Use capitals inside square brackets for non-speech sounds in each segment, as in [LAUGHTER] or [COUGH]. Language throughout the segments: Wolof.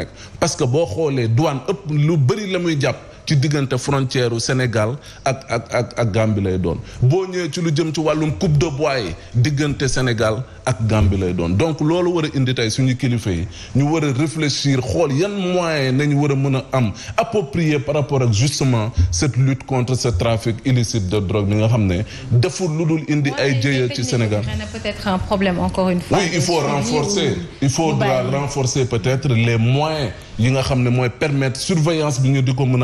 nekk parce que boo xoolee douane ëpp lu bëri la muy jàpp ci diggante frontière u Sénégal ak ak ak ak Gambie lay doon boo ñëwee ci lu jëm ci wàllum coupe de bois yi diggante Sénégal ak Gambie lay doon donc loolu war indi tey suñu kilifa yi ñu war a réfléchir xool yan moyen nañu war a mën a am approprié par rapport ak justement cette lutte contre ce trafic illicite de drogue mi nga xam ne deful lu dul indi ay jëye ci Sénégal peut-être un problème encore une fois oui il faut renforcer il faut renforcer peut-être les moyens yi nga xam ne mooy permettre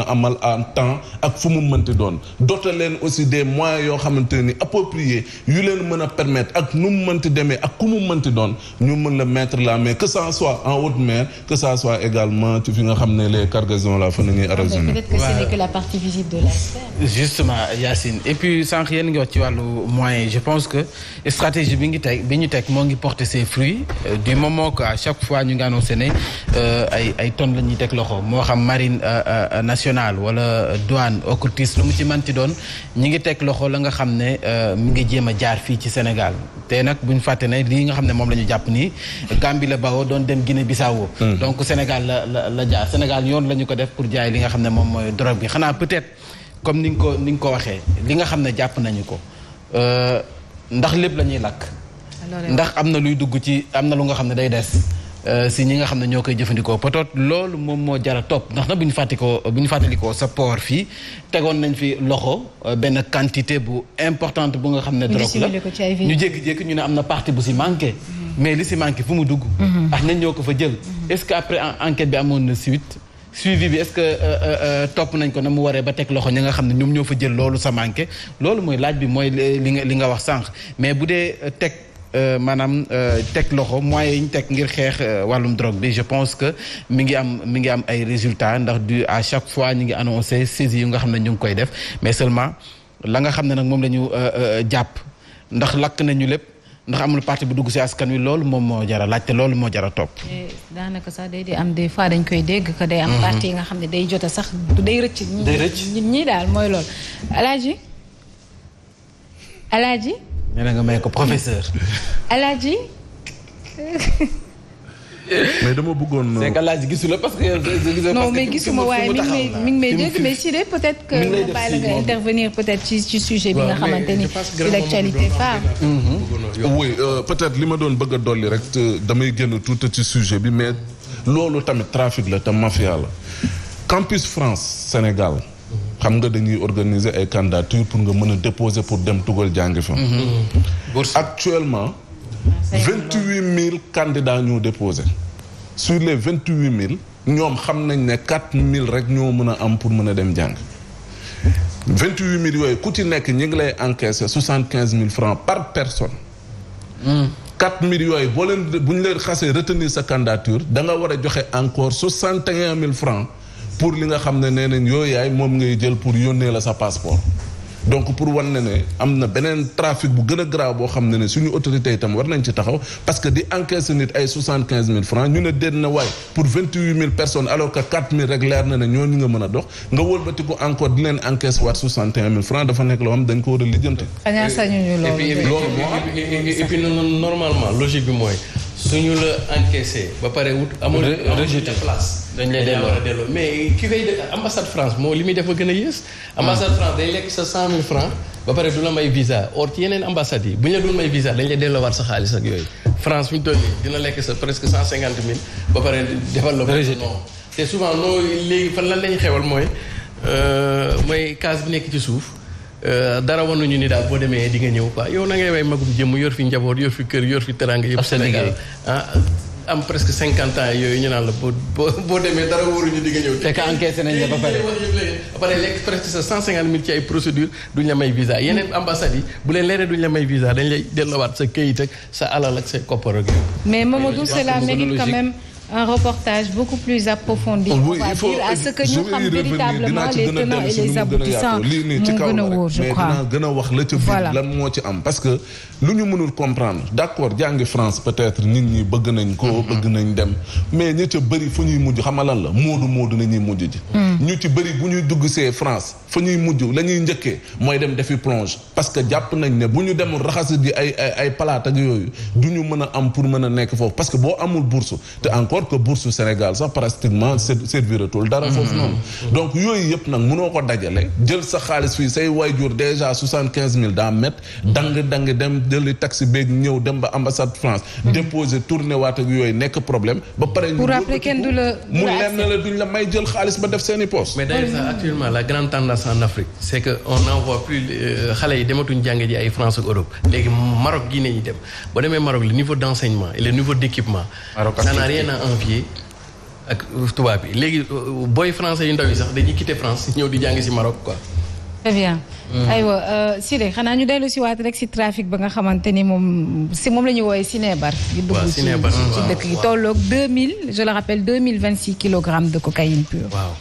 a amal en temps ak fu mu mënti doon dote leen aussi des moyens yoo xamante ni appropriés yu leen mën a permettre ak nu mu mënti demee ak ku mu mënti doon ñu mën la mettre la main que ça soit en haute mer que ça soit également ci fi nga xam ne les cargaisons la fa na ñuy arraisonné justement Yacine et puis sànq yéen ngi wax ci wàllu moyens je pense que stratégie bi ngi teg bi ñu teg moo ngi porter ses fruits euh, du moment que a chaque fois ñu ngi annoncé euh, ay ay tonnes teg loxo moo fiscale wala euh, douane occultisme lu mu ci manti doon ñi ngi teg loxo la nga xam ne euh, mu ngi jéem a jaar fii ci Sénégal tey nag buñ fàtte ne lii nga xam ne moom la ñu jàpp nii Gambie la bawoo doon dem Guinée Bissau hmm. donc Sénégal la la la jaar Sénégal yoon la ñu ko def pour jaay li nga xam ne moom mooy drogue bi xanaa peut-être comme ni nga ko ni nga ko waxee li nga xam ne jàpp nañu ko euh, ndax lépp la ñuy lakk ndax am na luy dugg ci am na lu nga xam ne day des Euh, si ñi nga xam ne ñoo koy jëfandikoo peut-être loolu moom moo jara topp ndax nag bu ñu fàttikoo bu fàttalikoo sa port fii tegoon nañ fi loxo euh, benn quantité bu importante bu nga xam ne drogue la ñu jékki-jékki ñu ne am na partie bu si manqué mm-hmm. mais li si manqué fu mu dugg mm-hmm. ak nañ ñoo ko fa jël mm-hmm. na euh, ko na mu waree ba teg loxo ñi nga xam ne ñoom ñoo fa jël loolu sa manqué loolu mooy laaj bi mooy li nga li nga wax sànq mais bu dee teg Euh, maanaam euh, teg loxo moyens yi ñu teg ngir xeex euh, wàllum drogue bi je pense que mi ngi am mi ngi am ay résultat ndax du à chaque fois ñu ngi annoncé saisi yu nga xam ne ñu ngi koy def mais seulement la nga xam ne nag moom la ñu ndax lakk nañu lépp ndax amul parti bu dugg si askan wi loolu moom moo jara laajte loolu moo jara topp. Eh, daanaka sax day di am des fois dañ koy dégg que day am. Mhm. parti nga xam ne day jota sax day rëcc. day rëcc ñi daal mooy loolu. Alaaji Alaaji nee na nga may ko professeur. Alaaji. mais dama bëggoon. Euh, c'est que Alaaji gisu la parce que. non mais gisuma waaye mi ngi may mi si de peut-être que mu la nga intervenir peut-être ci ci sujet bi nga xamante ni c'est l'actualité phare. Mhm. oui euh, peut-être li ma doon bëgg a dolli rek damay génn tuuti ci sujet bi mais loolu tamit trafic la te mafia la campus France Sénégal. xam nga dañuy organiser ay candidature pour nga mën a déposer pour dem tugal jàngi fa mhm. Mhm. actuellement vingt huit mille candidats ñoo déposé sur les vingt huit mille ñoom xam nañ ne quatre mille rek ñoo mën a am pour mën a dem jàng vingt huit mille yooyu ku ci nekk ñi ngi lay encaisser soixante quinze mille francs par personne mhm. quatre mille yooyu boo leen bu ñu leen xasee retenir sa candidature da nga war a joxe encore soixante et un mille francs pour li nga xam ne nee nañ yooyu moom ngay jël pour yónnee la sa passeport donc pour wan ne ne am na beneen trafic bu gën a graaw boo xam ne ne suñu autorité itam war nañ ci taxaw parce que di encaisse nit ay soixante quinze mille francs ñu ne déet na waay pour vingt huit mille personnes alors quatre mille rek na ne ñooñu nga mën a dox nga wëlbati ko encore di leen encaisse waat soixante un mille francs dafa nekk loo xam dañ ko war a lijjanti. xanaa sañu ñu loolu. loolu moo suñu la encaissé ba pare wut amul rejeté place dañ lay delloo mais ki koy ambassade France moo li muy def a gën a yées ah. ambassade France day lekk sa cent mille francs ba pare du la may visa or ci yeneen ambassades yi bu ñu la doon may visa dañ lay delloowaat sa xaalis yooyu France fi ñu toll nii dina lekk sa presque cent cinquante mille ba pare defal la non te souvent noo léegi fan lan lañ xewal mooy euh, mooy case bi nekk ci suuf Euh, dara wanuñu ni daal boo demee di nga ñëw quoi yow na ngay way magum jëmm yor fi njaboot yor fi kër yor fi teraanga yëpp Sénégal ah am presque cinquante ans yooyu ñu naan la boo boo boo demee dara wóoruñu di nga ñëw. te ka encaissé nañ la ba pare ba pare lekk presque sa cent cinquante mille ci ay procédure duñ la may visa yeneen ambassades yi bu leen leeree duñ la may visa dañ lay delloowaat sa këyit sa alal ak sa koppar ak mais Mamadou c'est la mérite quand même. un reportage beaucoup plus approfondi. oui il faut que ñu xam véritablement les tenants et les aboutissants lii nii ci kaw la a wax la ca biir lan moo ci am. parce que lu ñu mënul comprendre d' accord jàngi France peut être nit ñi bëgg nañ ko mm-hmm. bëgg nañ dem mais ñu ca bëri fu ñuy mujj xama la moodu moodu la ñuy mujj ji. Mm. ñu ci bëri bu ñuy dugg see France fu ñuy mujj la ñuy njëkkee mooy dem defi plonge parce que jàpp nañ ne bu ñu demul raxas di ay ay yooyu du ñu mën a am pour mën a nekk foofu parce que boo amul rapport que bourse Sénégal sax pratiquement serviratul dara foofu mhm. noonu donc yooyu yëpp nag mënoo ko dajale jël sa xaalis fii say waajur déjà soixante quinze mille daa met dang-dang dem jëli taxi beeg ñëw dem ba ambassade France mhm. déposer tourné waat ak yooyu nekk problème ba pare ñu mu leer na la duñ la may jël xaalis ba def seeni poste mais d'ailleurs actuellement la grande tendance en Afrique c'est que on n'envoie plus euh, xale yi dematuñ jàng ji ay fra ak léegi Maroc gi ne ñu dem boo demee Maroc le niveau d'enseignement envier ak tubaab bi léegi euh, booy français yu ndaw yi sax dañuy quitter France [LAUGHS] ñëw di jàngi ci Maroc quoi. très bien. Hmm. aywa euh, Siré xanaa ñu dellu si waat rek si trafic ba nga xamante ni moom si moom la ñuy wooyee Sinébar. di dugg ci ci dëkk yi tolloog deux mille je le rappelle deux mille vingt six kilogrammes de cocaïne pure. waaw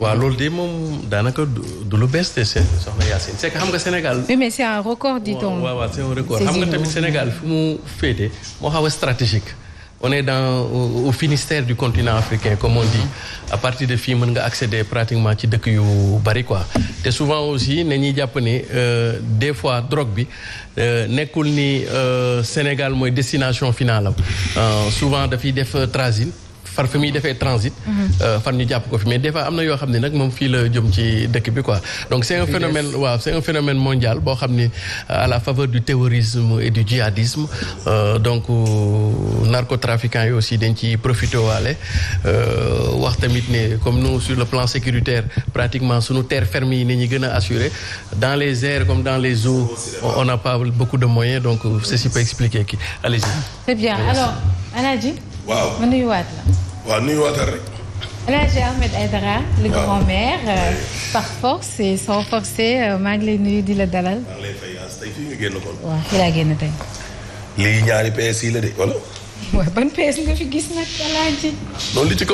waaw loolu de moom daanaka du lu bees te soxna Yacine c'est que xam nga Sénégal. oui mais c'est un record dit-on. waaw on est dans au, au Finistère du continent africain comme on dit à partir de fii mën nga accéder pratiquement ci dëkk yu bari quoi te souvent aussi na ñuy jàpp ne euh, des fois drogue bi euh, nekkul ni euh, Sénégal mooy destination finale souvent dafiy def transit far fi muy defee transit. Mhm. Euh, fan ñu jàpp ko fi mais des fois am na yoo xam ne nag moom fii la jëm ci dëkk bi quoi. donc c' est un phénomène waaw c' est phénomène mondial boo xam ni euh, à la faveur du terrorisme et du djihadisme euh, donc narcotrafiquants yi aussi dañ ci profité waale wax tamit ne comme nu sur le plan sécuritaire pratiquement suñu terre ferme yi ni ñu gën a assuré dans les airs comme dans les eaux on n'a pas beaucoup de moyens donc ceci peut expliquer kii allez waaw ma nuyuwaat la. waaw nuyuwaatal rek. El Hadj Ahmed Aïdara. le grand-maire. Euh, par force et sans forcer euh, maa ngi lay nuyu di la dalal. maa ngi lay fay lii ñaari PS yi la de wala. waaw ban PS nga fi gis nag El Hadj.